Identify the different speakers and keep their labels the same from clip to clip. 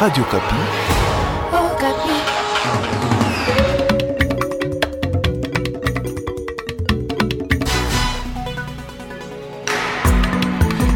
Speaker 1: Radio Kapi.
Speaker 2: Oh, Kapi.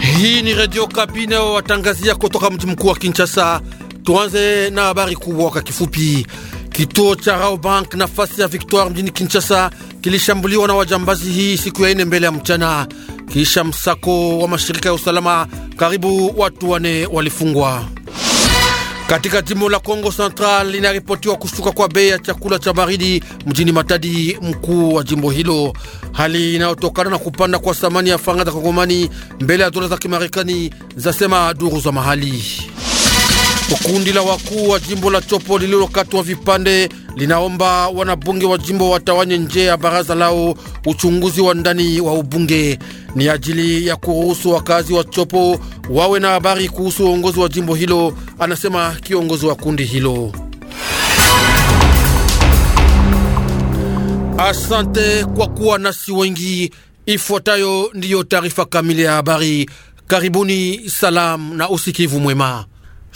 Speaker 3: Hii ni Radio Kapi na watangazia kutoka mji mkuu wa Kinshasa. Tuanze na habari kubwa kwa kifupi. Kituo cha Rawbank nafasi ya Victoire mjini Kinshasa kilishambuliwa na wajambazi hii siku ya ine mbele ya mchana. Kisha msako wa mashirika ya usalama, karibu watu wane walifungwa. Katika jimbo la Kongo Central inaripotiwa kushuka kwa bei ya chakula cha baridi mjini Matadi, mkuu wa jimbo hilo, hali inayotokana na kupanda kwa thamani ya faranga za Kongomani mbele ya dola za Kimarekani, zasema duru za mahali. Kundi la wakuu wa jimbo la Chopo lililokatwa vipande linaomba wanabunge wa jimbo watawanye nje ya baraza lao uchunguzi wa ndani wa ubunge, ni ajili ya kuruhusu wakazi wa Chopo wawe na habari kuhusu uongozi wa jimbo hilo, anasema kiongozi wa kundi hilo. Asante kwa kuwa nasi wengi. Ifuatayo ndiyo taarifa kamili ya habari. Karibuni, salamu na usikivu mwema.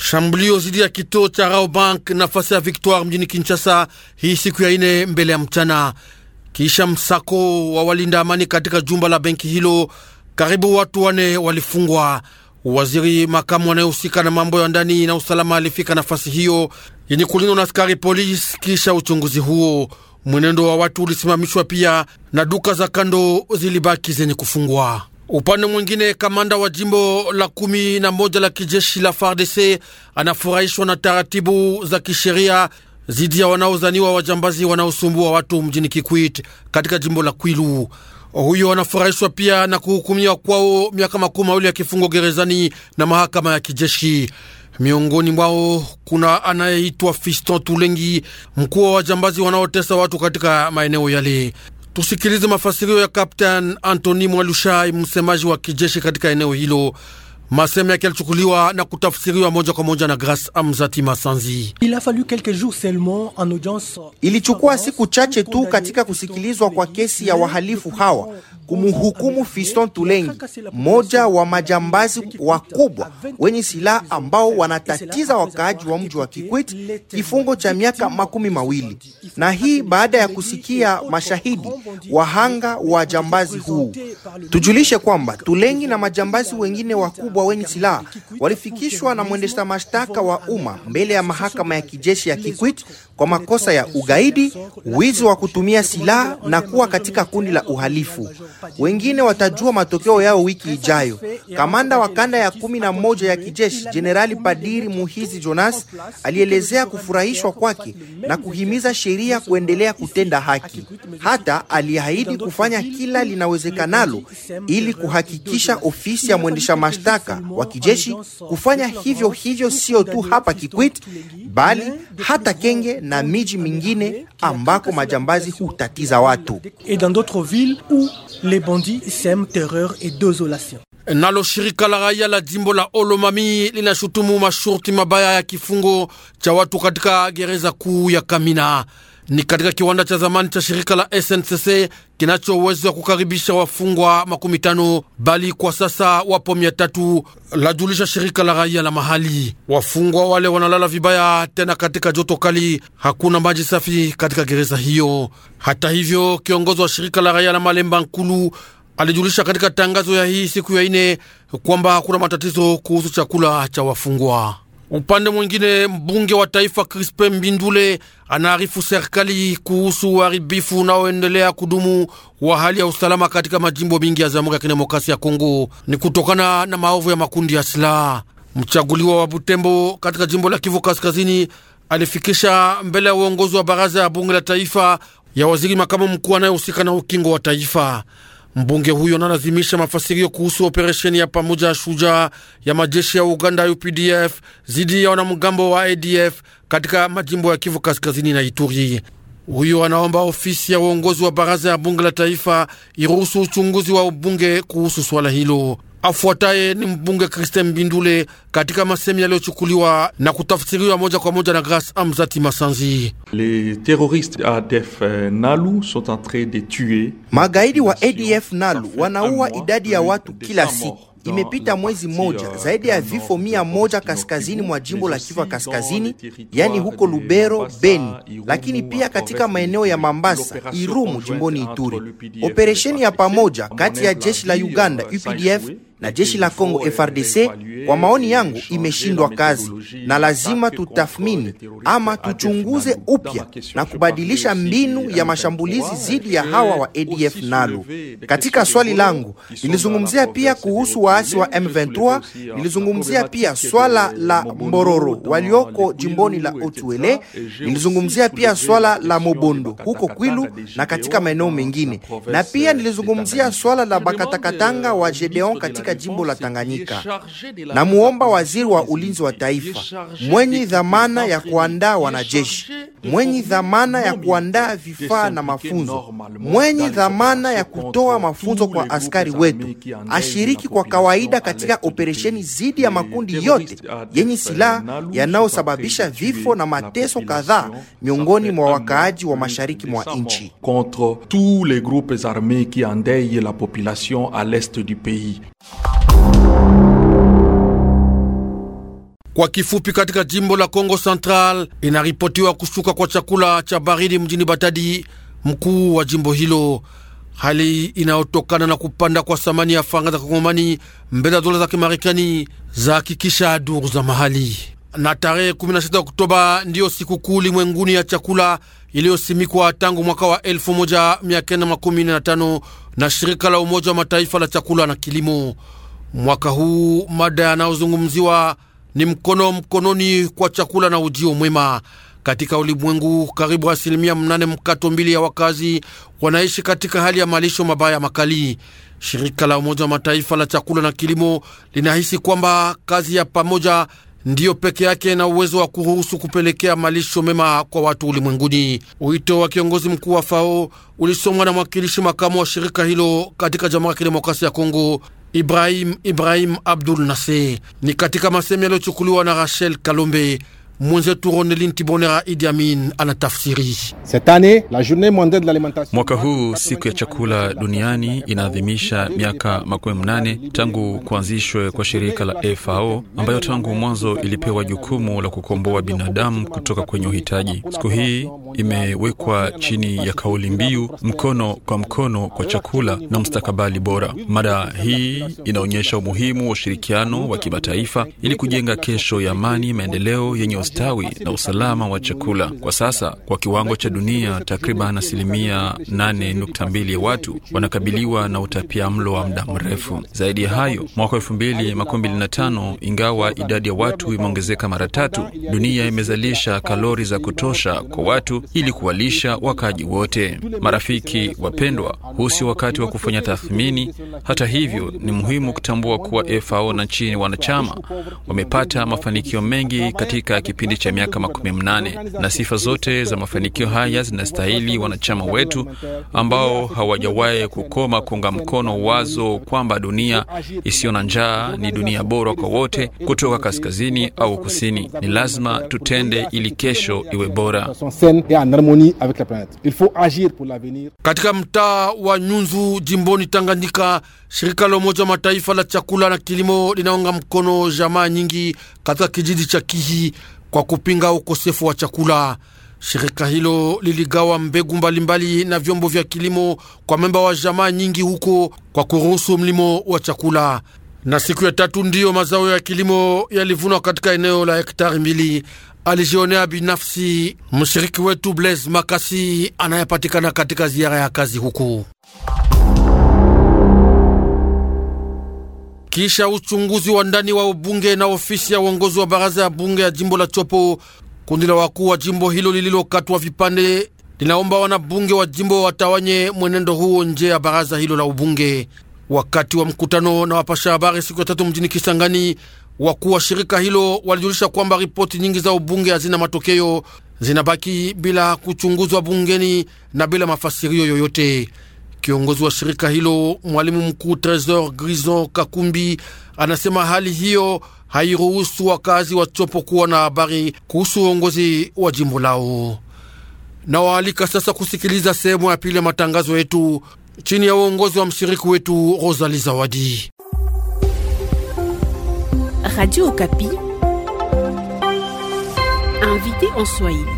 Speaker 3: Shambulio zidi ya kituo cha Rawbank nafasi ya Victoire mjini Kinshasa hii siku ya ine mbele ya mchana, kisha msako wa walinda amani katika jumba la benki hilo, karibu watu wane walifungwa. Waziri makamu anayehusika na mambo ya ndani na usalama alifika nafasi hiyo yenye kulindwa na askari polisi. Kisha uchunguzi huo, mwenendo wa watu ulisimamishwa pia na duka za kando zilibaki zenye kufungwa. Upande mwingine, kamanda wa jimbo la kumi na moja la kijeshi la FARDC anafurahishwa na taratibu za kisheria dhidi ya wanaozaniwa wajambazi wanaosumbua watu mjini Kikwit katika jimbo la Kwilu. Huyo anafurahishwa pia na kuhukumiwa kwao miaka makumi mawili ya kifungo gerezani na mahakama ya kijeshi. Miongoni mwao kuna anayeitwa Fiston Tulengi, mkuu wa wajambazi wanaotesa watu katika maeneo yale. Tusikilize mafasirio ya Kapteni Antoni Mwalushai, msemaji wa kijeshi katika eneo hilo. Maseme yake alichukuliwa na kutafsiriwa moja kwa moja na Grace Amzati Masanzi.
Speaker 4: Ilichukua siku chache tu katika kusikilizwa kwa kesi ya wahalifu hawa kumhukumu Fiston Tulengi, mmoja wa majambazi wakubwa wenye silaha ambao wanatatiza wakaaji wa mji wa Kikwit, kifungo cha miaka makumi mawili, na hii baada ya kusikia mashahidi wahanga wa jambazi huu. Tujulishe kwamba Tulengi na majambazi wengine wakubwa wakubwa wenye silaha walifikishwa na mwendesha mashtaka wa umma mbele ya mahakama ya kijeshi ya Kikwit kwa makosa ya ugaidi, wizi wa kutumia silaha na kuwa katika kundi la uhalifu. Wengine watajua matokeo yao wiki ijayo. Kamanda wa kanda ya kumi na moja ya kijeshi Jenerali Padiri Muhizi Jonas alielezea kufurahishwa kwake na kuhimiza sheria kuendelea kutenda haki. Hata aliahidi kufanya kila linawezekanalo ili kuhakikisha ofisi ya mwendesha mashtaka wa kijeshi kufanya hivyo hivyo, sio tu hapa Kikwit bali hata Kenge na miji mingine ambako majambazi hutatiza watu.
Speaker 3: Nalo shirika la raia la jimbo la Olomami linashutumu masharti mabaya ya kifungo cha watu katika gereza kuu ya Kamina ni katika kiwanda cha zamani cha shirika la SNCC kinacho uwezo wa kukaribisha wafungwa makumi tano bali kwa sasa wapo mia tatu lajulisha shirika la raia la mahali. Wafungwa wale wanalala vibaya tena katika joto kali, hakuna maji safi katika gereza hiyo. Hata hivyo, kiongozi wa shirika la raia la Malemba Nkulu alijulisha katika tangazo ya hii siku ya ine kwamba hakuna matatizo kuhusu chakula cha wafungwa. Upande mwingine, mbunge wa taifa Crispe Mbindule anaarifu serikali kuhusu uharibifu unaoendelea kudumu wa hali ya usalama katika majimbo mingi ya Jamhuri ya Kidemokrasia ya Kongo, ni kutokana na maovu ya makundi ya silaha. Mchaguliwa wa Butembo katika jimbo la Kivu Kaskazini alifikisha mbele ya uongozi wa baraza ya bunge la taifa ya waziri makamu mkuu anayehusika na ukingo wa taifa. Mbunge huyo nalazimisha mafasirio kuhusu operesheni ya pamoja ya shujaa ya majeshi ya Uganda UPDF zidi ya wanamgambo wa ADF katika majimbo ya Kivu Kaskazini na Ituri. Huyo anaomba ofisi ya uongozi wa baraza ya bunge la taifa iruhusu uchunguzi wa bunge kuhusu swala hilo afuataye ni mbunge Kristen Mbindule katika masemi yaliyochukuliwa na kutafsiriwa moja kwa moja na Grace Amzati Masanzi. Les terroristes ADF euh, Nalu sont en train de tuer.
Speaker 4: Magaidi wa ADF Nalu wanaua idadi ya watu kila siku. Imepita mwezi moja euh, zaidi ya vifo mia moja kaskazini mwa jimbo la Kivu Kaskazini, yani huko Lubero, Beni, lakini pia katika maeneo ya Mambasa, Irumu jimboni Ituri. Operesheni ya pamoja kati ya jeshi la Uganda UPDF euh, na jeshi la Kongo FRDC, kwa maoni yangu, imeshindwa kazi na lazima tutathmini ama tuchunguze upya na kubadilisha mbinu ya mashambulizi dhidi ya hawa wa ADF nalo Katika swali langu nilizungumzia pia kuhusu waasi wa M23, nilizungumzia pia swala la Mbororo walioko jimboni la Otuele, nilizungumzia pia swala la Mobondo huko Kwilu na katika maeneo mengine, na pia nilizungumzia swala la Bakatakatanga wa euh, Gedeon katika katika jimbo la Tanganyika. Namuomba waziri wa ulinzi wa taifa mwenye dhamana ya kuandaa wanajeshi, mwenye dhamana ya kuandaa vifaa na mafunzo, mwenye dhamana ya kutoa mafunzo kwa askari wetu, ashiriki kwa kawaida katika operesheni dhidi ya makundi yote yenye silaha yanayosababisha vifo na mateso kadhaa miongoni mwa wakaaji wa mashariki mwa nchi.
Speaker 5: contre tous les groupes armés qui endeuillent la population à
Speaker 3: l'est du pays. Kwa kifupi, katika jimbo la Kongo Central inaripotiwa kushuka kwa chakula cha baridi mjini Batadi, mkuu wa jimbo hilo, hali inayotokana na kupanda kwa thamani ya faranga za Kongomani mbele ya dola za Kimarekani, za hakikisha duru za mahali. Na tarehe 16 Oktoba ndiyo kuu limwenguni ya chakula iliyosimikwa tangu mwaka wa 1915 na shirika la Umoja wa Mataifa la chakula na kilimo. Mwaka huu mada yanayozungumziwa ni mkono mkononi kwa chakula na ujio mwema katika ulimwengu. Karibu asilimia mnane mkato mbili ya wakazi wanaishi katika hali ya malisho mabaya makali. Shirika la Umoja wa Mataifa la chakula na kilimo linahisi kwamba kazi ya pamoja ndiyo peke yake na uwezo wa kuruhusu kupelekea malisho mema kwa watu ulimwenguni. Wito wa kiongozi mkuu wa FAO ulisomwa na mwakilishi makamu wa shirika hilo katika Jamhuri ya Kidemokrasia ya Kongo Ibrahim Ibrahim Abdul Nasser. Ni katika masemi yaliyochukuliwa na Rachel Kalombe mwenzetu Ronelin Tibonera Idi Amin anatafsiri.
Speaker 5: Mwaka huu siku ya chakula duniani inaadhimisha miaka makumi mnane tangu kuanzishwe kwa shirika la FAO ambayo tangu mwanzo ilipewa jukumu la kukomboa binadamu kutoka kwenye uhitaji. Siku hii imewekwa chini ya kauli mbiu mkono kwa mkono kwa chakula na mustakabali bora. Mada hii inaonyesha umuhimu wa ushirikiano wa kimataifa ili kujenga kesho ya amani, maendeleo yenye ustawi na usalama wa chakula. Kwa sasa, kwa kiwango cha dunia, takriban asilimia 8.2 ya watu wanakabiliwa na utapia mlo wa muda mrefu. Zaidi ya hayo, mwaka 2025 ingawa idadi ya watu imeongezeka mara tatu, dunia imezalisha kalori za kutosha kwa watu ili kuwalisha wakaji wote. Marafiki wapendwa, huu sio wakati wa kufanya tathmini. Hata hivyo, ni muhimu kutambua kuwa FAO na chini wanachama wamepata mafanikio mengi katika kipindi cha miaka makumi mnane, na sifa zote za mafanikio haya zinastahili wanachama wetu ambao hawajawahi kukoma kuunga mkono wazo kwamba dunia isiyo na njaa ni dunia bora kwa wote, kutoka kaskazini au kusini. Ni lazima tutende ili kesho iwe bora.
Speaker 3: Katika mtaa wa Nyunzu jimboni Tanganyika, shirika la Umoja wa Mataifa la chakula na kilimo linaunga mkono jamaa nyingi katika kijiji cha Kihi kwa kupinga ukosefu wa chakula. Shirika hilo liligawa mbegu mbalimbali na vyombo vya kilimo kwa memba wa jamaa nyingi huko kwa kuruhusu mlimo wa chakula. Na siku ya tatu ndiyo mazao ya kilimo yalivunwa katika eneo la hektari mbili, alijionea binafsi mshiriki wetu Blaise Makasi anayepatikana katika ziara ya kazi huku. Kisha uchunguzi wa ndani wa bunge na ofisi ya uongozi wa baraza ya bunge ya jimbo la Chopo, kundi la wakuu wa jimbo hilo lililokatwa vipande linaomba wanabunge wa jimbo watawanye mwenendo huo nje ya baraza hilo la ubunge. Wakati wa mkutano na wapasha habari siku ya tatu mjini Kisangani, wakuu wa shirika hilo walijulisha kwamba ripoti nyingi za ubunge hazina matokeo, zinabaki bila kuchunguzwa bungeni na bila mafasirio yoyote. Kiongozi wa shirika hilo mwalimu mkuu Tresor Grison Kakumbi anasema hali hiyo hairuhusu wakazi wachopo kuwa na habari kuhusu uongozi wa jimbo lao. Na waalika sasa kusikiliza sehemu ya pili ya matangazo yetu chini ya uongozi wa mshiriki wetu Rosali
Speaker 6: Zawadi. Radio Okapi, invité en Swahili.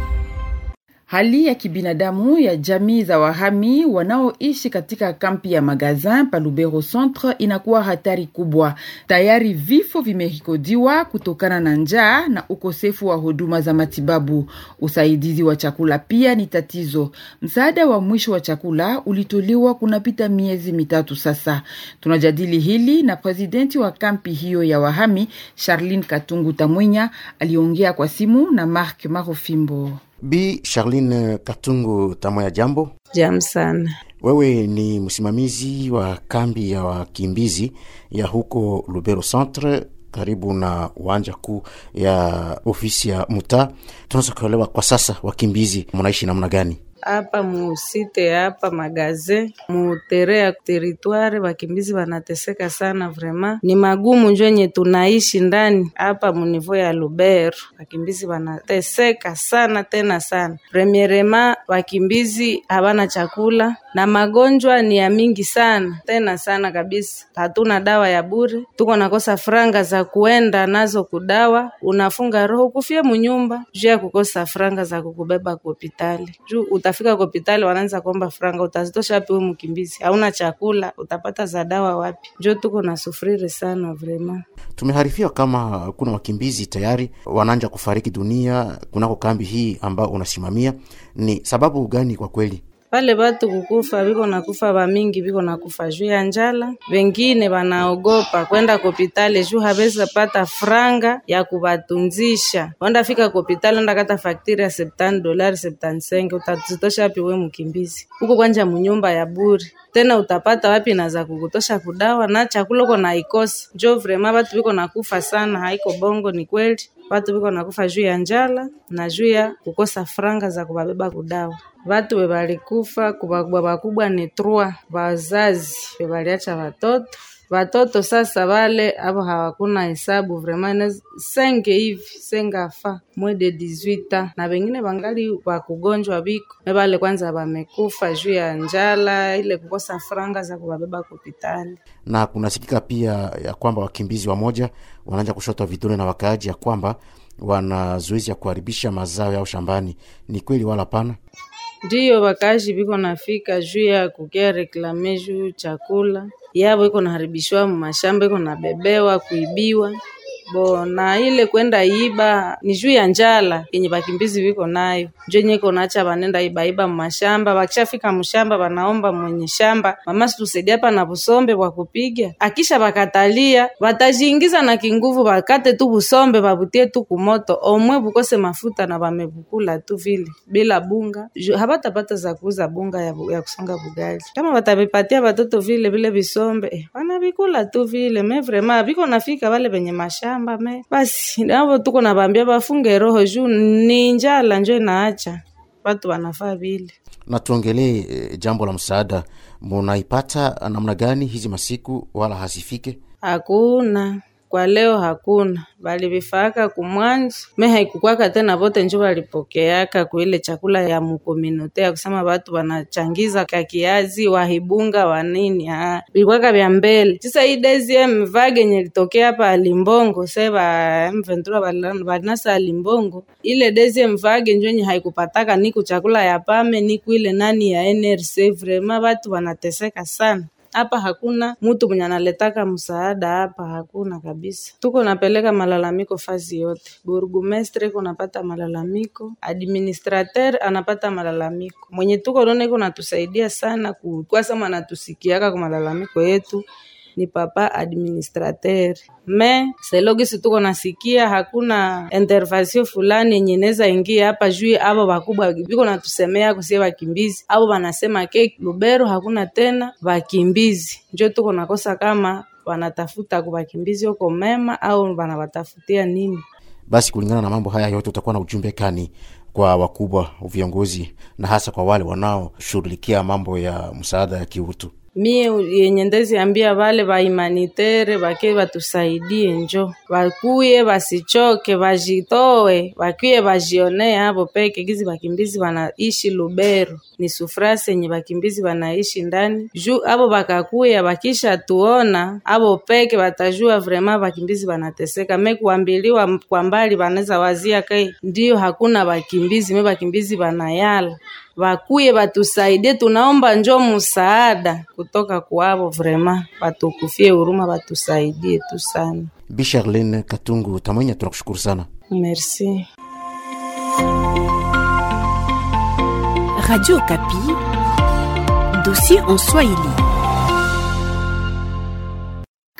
Speaker 6: Hali ya kibinadamu ya jamii za wahami wanaoishi katika kampi ya Magazin pa Lubero Centre inakuwa hatari kubwa. Tayari vifo vimerekodiwa kutokana na njaa na ukosefu wa huduma za matibabu. Usaidizi wa chakula pia ni tatizo. Msaada wa mwisho wa chakula ulitolewa kunapita miezi mitatu sasa. Tunajadili hili na presidenti wa kampi hiyo ya wahami Charlene Katungu Tamwinya aliongea kwa simu na Mark Marofimbo.
Speaker 7: Bi Charline Katungu ya jambo.
Speaker 8: Jam sana.
Speaker 7: Wewe ni msimamizi wa kambi ya wakimbizi ya huko Lubero Centre karibu na uwanja kuu ya ofisi ya mtaa. Tunaweza kuelewa kwa sasa wakimbizi mnaishi namna gani?
Speaker 8: hapa musite hapa magazin mutere ya teritware wakimbizi wanateseka sana vrema, ni magumu njenye tunaishi ndani hapa munivo ya Lubero, wakimbizi wanateseka sana tena sana. Premierema wakimbizi habana chakula na magonjwa ni ya mingi sana tena sana kabisa. Hatuna dawa ya bure, tuko nakosa franga za kuenda nazo kudawa. Unafunga roho kufia munyumba juu ya kukosa franga za kukubeba kuhopitali juu uta Utafika kwa hospitali wanaanza kuomba franga, utazitosha wapi? Huyu mkimbizi hauna chakula, utapata za dawa wapi? Njo tuko na sufriri sana vrema.
Speaker 7: Tumeharifiwa kama kuna wakimbizi tayari wanaanja kufariki dunia kunako kambi hii ambao unasimamia, ni sababu gani kwa kweli?
Speaker 8: Vale batu kukufa biko nakufa viko biko kufa juu ya njala, vengine wanaogopa kwenda kopitale juu habeza pata franga ya kubatunzisha. Wanda fika kopitale wanda kata faktiri ya septani dolari septani senge, utazitosha wapi we mkimbizi? Huko kwanja munyumba ya buri tena utapata wapi naza kukutosha kudawa na chakula uko naikosa. Njo vrema batu biko kufa sana, haiko bongo, ni kweli. Watu biko nakufa juu ya njala na juu ya kukosa franga za kubabeba kudawa. Watu webalikufa kubwa kubwa ni trua, vazazi webaliacha watoto Watoto sasa wale abo hawakuna hesabu vraiment senge hivi senge fa mwe de 18 a na wengine wangali wakugonjwa biko me wale kwanza wamekufa juu ya njala ile kukosa franga za kuwabeba hospitali.
Speaker 7: Na kunasikika pia ya kwamba wakimbizi wamoja wanaanza kushotwa vidole na wakaaji ya kwamba wana zoezi ya kuharibisha mazao yao shambani. Ni kweli wala pana?
Speaker 8: Ndiyo, wakaaji biko nafika juu ya kukia reklame juu chakula yavo iko naharibishiwa mashamba iko nabebewa kuibiwa bo na ile kwenda iba ni juu ya njala yenye bakimbizi viko nayo, njo enye konacha banenda ibaiba mumashamba. Bakishafika mshamba, banaomba mwenye shamba, mama situsaidia hapa na busombe bwa kupiga. Akisha bakatalia, batajiingiza na kinguvu, bakate tu busombe babutie tu kumoto, omwe bukose mafuta na bamebukula tu vile bila bunga, habatapata za kuuza bunga ya, bu, ya kusonga bugali. Kama batabipatia batoto vile vile bisombe, eh, banabikula tu vile me vrema biko nafika wale benye mashamba kamba me basi navo tuko na vambia bafunge roho juu ni njala njo inaacha watu wanafaa vile
Speaker 7: na eh, jambo la msaada munaipata namna gani hizi masiku wala hasifike
Speaker 8: hakuna kwa leo hakuna valivifaaka kumwanji me haikukwaka tena vote njo valipokeaka kuile chakula ya mukomunote ya kusema vatu vanachangiza kakiazi wahibunga wanini vikwaka vya mbele sisa hii dezi mvage nye litokea hapa alimbongo se va mventura valinasa alimbongo ile dezi mvage njo nye haikupataka niku chakula ya pame niku ile nani ya nrc vrema vatu vanateseka sana hapa hakuna mtu mwenye analetaka msaada hapa, hakuna kabisa. Tuko napeleka malalamiko fazi yote, burgumestre iko napata malalamiko, administrateur anapata malalamiko, mwenye tuko naona iko natusaidia sana, kwa sababu anatusikiaka kwa malalamiko yetu ni papa administrateur me selogisi gisi tuko nasikia hakuna intervention fulani yenye inaweza ingia hapa juu. Avo vakubwa viko natusemea kusie vakimbizi avo vanasema ke Lubero hakuna tena vakimbizi, njo tuko nakosa kama wanatafuta kuvakimbizi huko mema au wanawatafutia nini?
Speaker 7: Basi kulingana na mambo haya yote, utakuwa na ujumbe kani kwa wakubwa viongozi, na hasa kwa wale wanaoshughulikia mambo ya msaada ya kiutu?
Speaker 8: mie yenye ndeziambia vale vaimanitere vakie vatusaidie, njo vakuye, vasichoke, vajitoe, vakie vajionee hapo peke gizi vakimbizi vanaishi Lubero, ni sufrasi yenye vakimbizi vanaishi ndani juu avo vakakuya, vakisha tuona avo peke vatajua vrema vakimbizi vanateseka. Me kuambiliwa kwa mbali vanaweza wazia kai ndiyo hakuna vakimbizi, me vakimbizi vanayala vakuye vatusaidie, tunaomba njo musaada kutoka kwavo, vraiment vatukufie huruma, vatusaidie tu sana.
Speaker 7: Bisharlene Katungu Tamanya, tunakushukuru sana,
Speaker 8: merci. Radio Kapi,
Speaker 6: dossier en Swahili.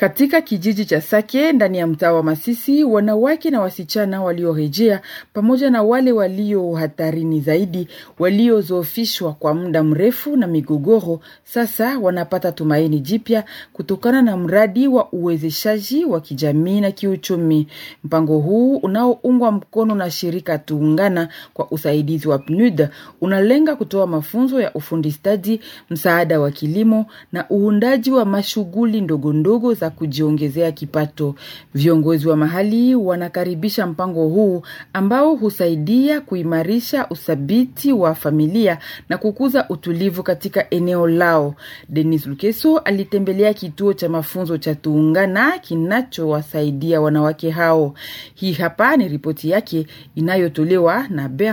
Speaker 6: Katika kijiji cha Sake ndani ya mtaa wa Masisi, wanawake na wasichana waliorejea pamoja na wale walio hatarini zaidi, waliozoofishwa kwa muda mrefu na migogoro, sasa wanapata tumaini jipya kutokana na mradi wa uwezeshaji wa kijamii na kiuchumi. Mpango huu unaoungwa mkono na shirika Tuungana kwa usaidizi wa PNUD unalenga kutoa mafunzo ya ufundi stadi, msaada wa kilimo na uundaji wa mashughuli ndogondogo za kujiongezea kipato. Viongozi wa mahali wanakaribisha mpango huu ambao husaidia kuimarisha uthabiti wa familia na kukuza utulivu katika eneo lao. Denis Lukeso alitembelea kituo cha mafunzo cha Tuungana kinachowasaidia wanawake hao. Hii hapa ni ripoti yake inayotolewa na Bernardin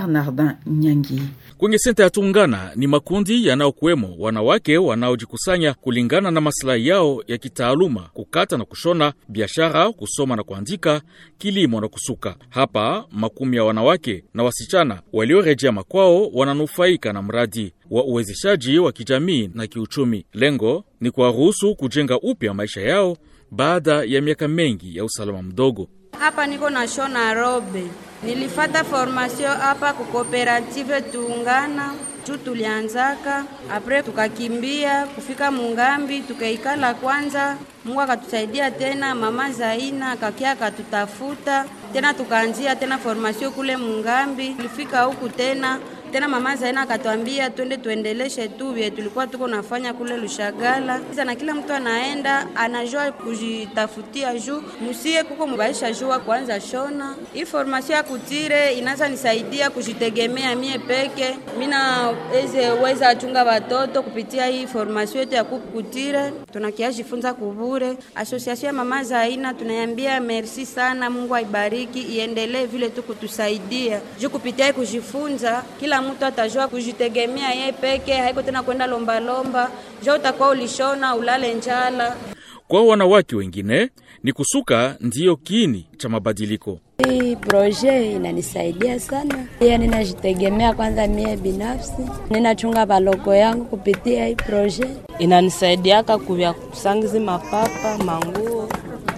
Speaker 6: Nyangi.
Speaker 1: Kwenye senta ya Tungana ni makundi yanayokuwemo wanawake wanaojikusanya kulingana na masilahi yao ya kitaaluma: kukata na kushona, biashara, kusoma na kuandika, kilimo na kusuka. Hapa makumi ya wanawake na wasichana waliorejea makwao wananufaika na mradi wa uwezeshaji wa kijamii na kiuchumi. Lengo ni kuwaruhusu kujenga upya maisha yao baada ya miaka mengi ya usalama mdogo.
Speaker 2: Hapa niko na na Robe, nilifata formation hapa cooperative Tuungana tu tulianzaka apre tukakimbia kufika Mungambi, tukaikala kwanza. Mungu akatusaidia tena, mama Zaina akakia akatutafuta tena, tukaanzia tena formation kule Mungambi. Tulifika huku tena tena mama Zaina akatwambia twende tuendeleshe tu vile tulikuwa tuko nafanya kule Lushagala. Sasa na kila mtu anaenda anajua kujitafutia juu musie kuko mubaisha jua kwanza shona. Hii formation ya kutire inaza nisaidia kujitegemea mie peke. Mina eze weza chunga watoto kupitia hii formation yetu ya kukutire. Tunakiajifunza kubure. Asosiasio ya mama Zaina tunayambia merci sana, Mungu aibariki, iendelee vile tu kutusaidia. Juu kupitia kujifunza kila kila mtu atajua kujitegemea yeye peke, haiko tena kwenda lombalomba, jo utakuwa ulishona ulale njala.
Speaker 1: Kwa wanawake wengine ni kusuka ndiyo kiini cha mabadiliko.
Speaker 2: Hii proje inanisaidia sana pia, ninajitegemea kwanza. Mie binafsi ninachunga baloko yangu kupitia hii proje, inanisaidiaka kuvya kusangizi mapapa, manguo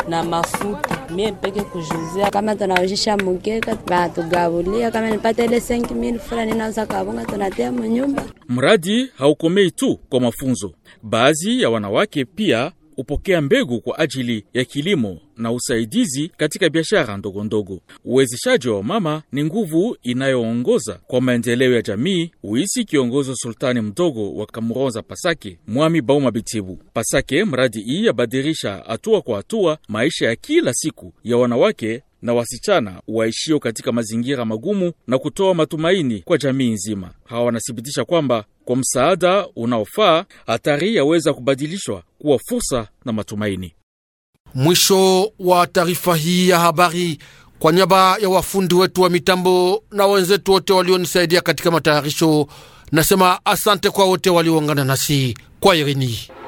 Speaker 2: na mafuta mie peke kujuzia, kama tunaojisha mugeka vanatugavulia, kama nipate ile senki mili fulani naweza kavunga, tunatia munyumba.
Speaker 1: Mradi haukomei tu kwa mafunzo, baadhi ya wanawake pia hupokea mbegu kwa ajili ya kilimo na usaidizi katika biashara ndogondogo. Uwezeshaji wa mama ni nguvu inayoongoza kwa maendeleo ya jamii, uisi kiongozi wa sultani mdogo wa Kamuronza Pasake Mwami Bauma Bitibu Pasake. Mradi hii yabadirisha hatua kwa hatua maisha ya kila siku ya wanawake na wasichana waishio katika mazingira magumu na kutoa matumaini kwa jamii nzima. Hawa wanathibitisha kwamba kwa msaada unaofaa hatari yaweza kubadilishwa kuwa fursa na matumaini. Mwisho wa
Speaker 3: taarifa hii ya habari.
Speaker 1: Kwa niaba ya wafundi
Speaker 3: wetu wa mitambo na wenzetu wote walionisaidia katika matayarisho, nasema asante kwa wote walioungana nasi kwa Irini.